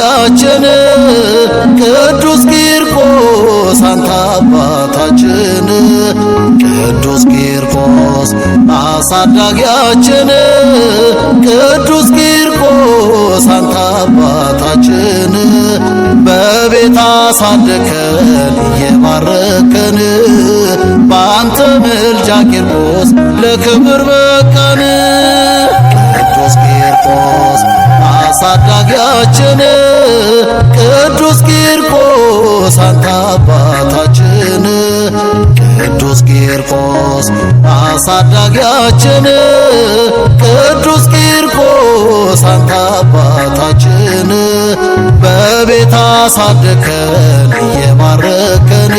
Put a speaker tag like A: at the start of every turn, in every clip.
A: ያችን ቅዱስ ቂርቆስ አንተ አባታችን ቅዱስ ቂርቆስ አሳዳጊያችን ቅዱስ ቂርቆስ አንተ አባታችን በቤት አሳደከን እየባረከን በአንተ ምልጃ ቂርቆስ ለክብር በቃን ቅዱስ ቂርቆስ አሳዳጊያችን ቅዱስ ቂርቆስ አንተ አባታችን ቅዱስ ቂርቆስ አሳዳጊያችን ቅዱስ ቂርቆስ አንተ አባታችን በቤት አሳደከን እየባረከን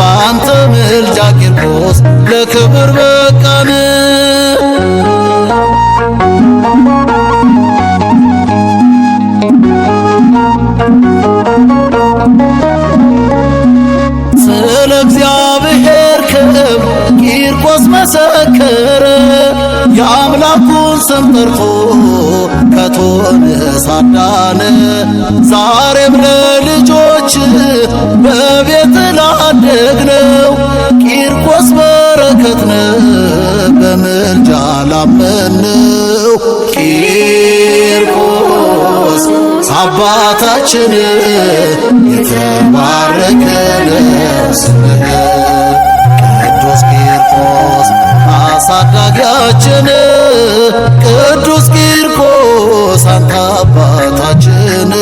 A: በአንተ ምልጃ ቂርቆስ ለክብር የአምላኩን ስም ጠርቶ ከቶንስ አዳነ። ዛሬም ለልጆች በቤት ላደግነው ቂርቆስ በረከት ነ በምልጃ ላመንነው ቂርቆስ አባታችን የተባረከ ነው ስምህ ቅዱስ ቂርቆስ አሳዳጊያችን ቅዱስ ቂርቆስ አንተ አባታችን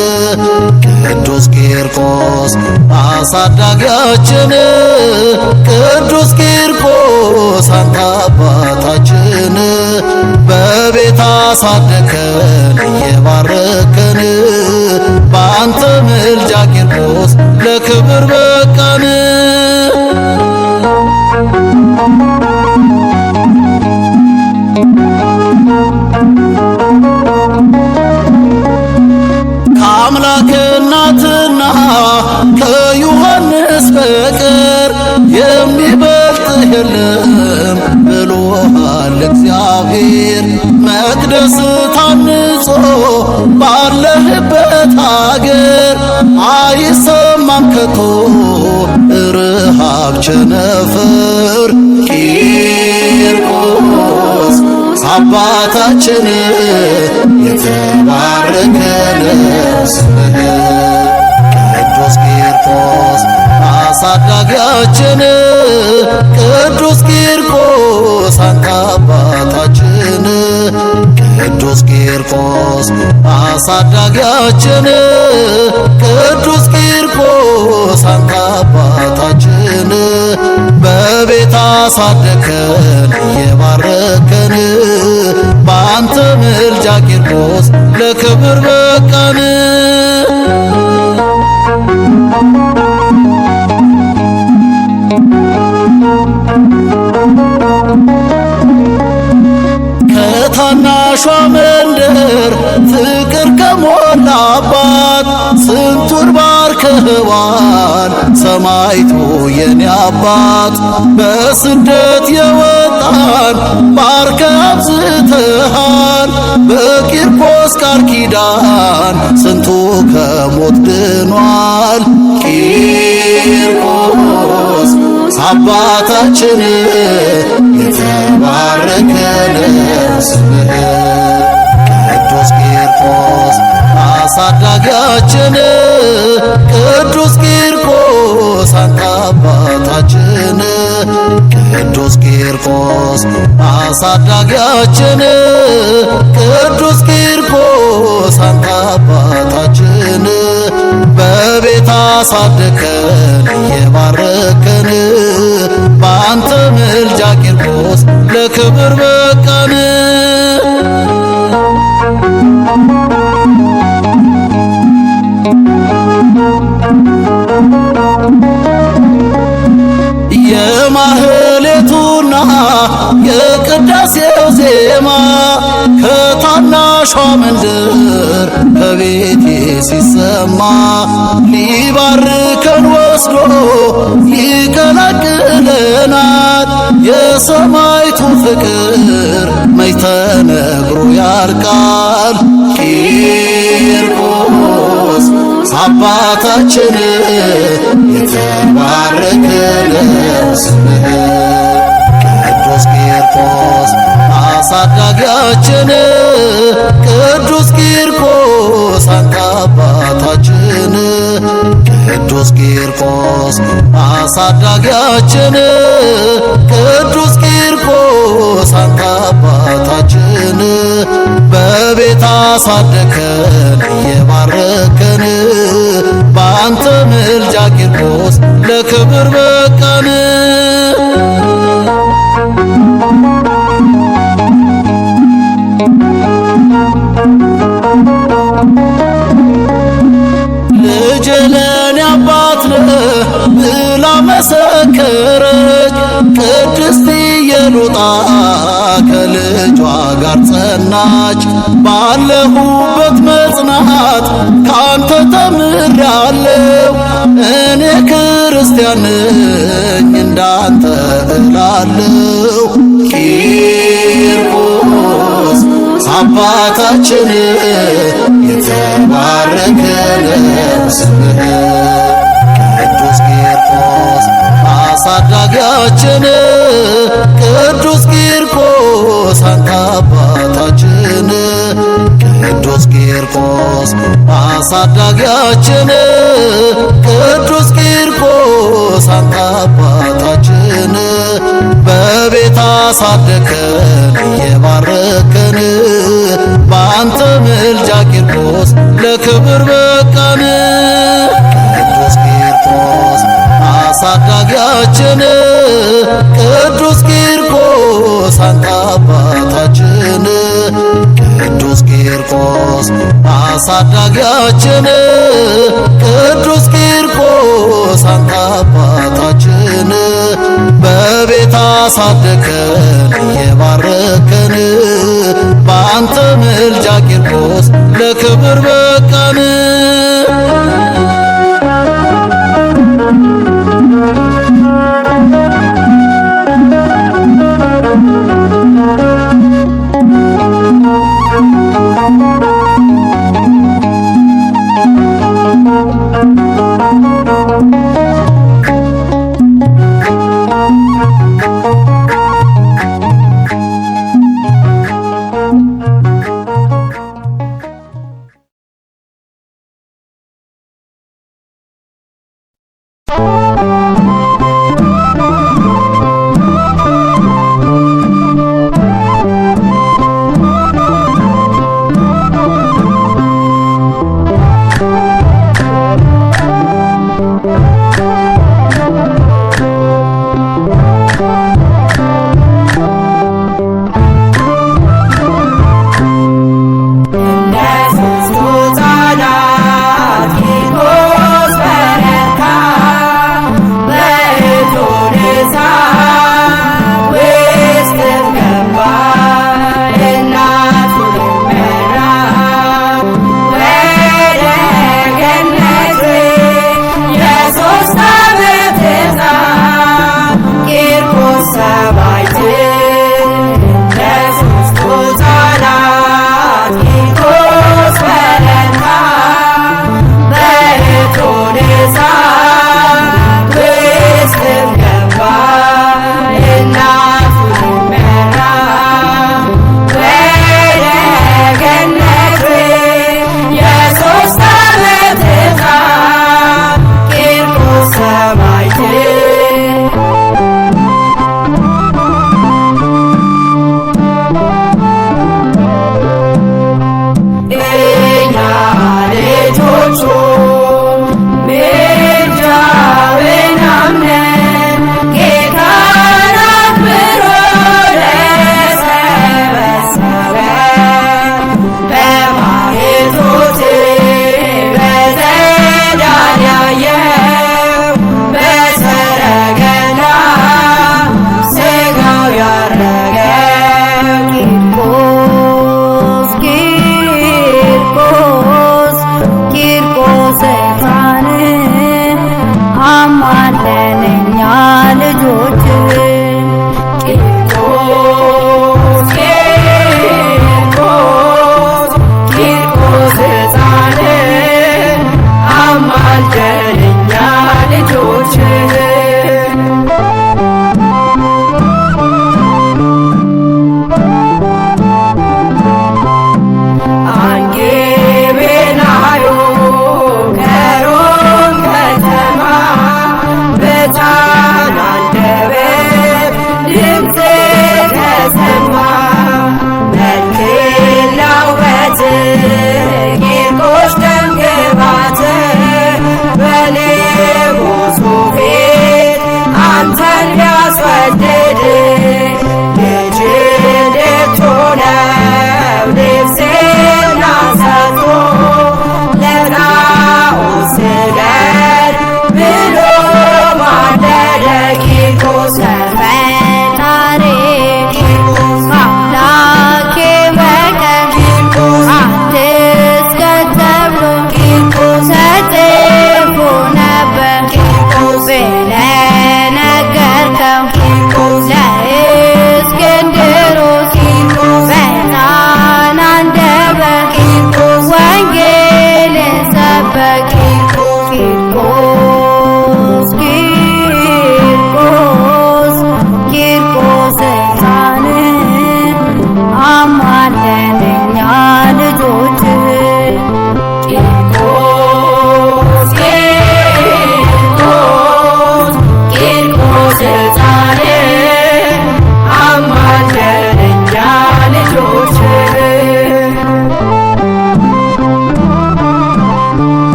A: ቅዱስ ቂርቆስ አሳዳጊያችን ቅዱስ ቂርቆስ አንተ አባታችን በቤት አሳደከን እየባረከን በአንተ ምልጃ ቂርቆስ ለክብር እግዚአብሔር መቅደስ ታንጾ ባለህበት አገር አይሰማም ከቶ ርሃብ ቸነፈር። ቂርቆስ አባታችን የተባረከ ስምህ ቅዱስ ቂርቆስ አሳዳጊያችን ቅዱስ ቂርቆስ አንተ አባታችን ቅዱስ ቂርቆስ አሳዳጊያችን ቅዱስ ቂርቆስ አንተ አባታችን በቤት አሳደከን የባረከን በአንተ ምልጃ ቂርቆስ ለክብር በቃን። በራሷ መንደር ፍቅር ከሞላባት ስንቱን ባርከዋል ሰማይቱ የኔ አባት። በስደት የወጣን ባርከ አብዝተሃል በቂርቆስ ቃል ኪዳን ስንቱ ከሞት ድኗል ቂርቆስ አባታችን የተባረከ ስምህ ቅዱስ ቂርቆስ አሳዳጊያችን ቅዱስ ቂርቆስ አንተ አባታችን ቅዱስ ቂርቆስ አሳዳጊያችን ቅዱስ ቂርቆስ አንተ አባታችን በቤት አሳደከን የባረከን በአንተ ምልጃ ቂርቆስ ለክብር በቃን። የማህሌቱና የቅዳሴው ዜማ በራሷ መንደር በቤቴ ሲሰማ ሊባርከን ወስዶ ይቀላቅለናል የሰማይቱ ፍቅር መች ተነግሮ ያልቃል። ቂርቆስ አባታችን የተባረከ ስምህ ቅዱስ ቂርቆስ አሳዳጊያችን ቅዱስ ቂርቆስ አንተ አባታችን ቅዱስ ቂርቆስ አሳዳጊያችን ቅዱስ ቂርቆስ አንተ አባታችን በቤት አሳደከን እየባረከን በአንተ ምልጃ ቂርቆስ ለክብር ቅድስት ኢየሉጣ ከልጇ ጋር ጸናች። ባለሁበት መጽናት ካንተ ተምሬአለው። እኔ ክርስቲያን ነኝ እንዳንተ እላለው። ቂርቆስ አባታችን የተባረከ ስምህ ቅዱስ ቂርቆስ አሳዳጊያችን ቅዱስ ቂርቆስ አንተ አባታችን ቅዱስ ቂርቆስ አሳዳጊያችን ቅዱስ ቂርቆስ አንተ አባታችን በቤት አሳደከን እየባረከን በአንተ ምልጃ ቂርቆስ ለክብር አሳዳጊያችን ቅዱስ ቂርቆስ አንተ አባታችን በቤት አሳደከን የባረከን በአንተ ምልጃ ቂርቆስ ለክብር በቃን።
B: Thank you.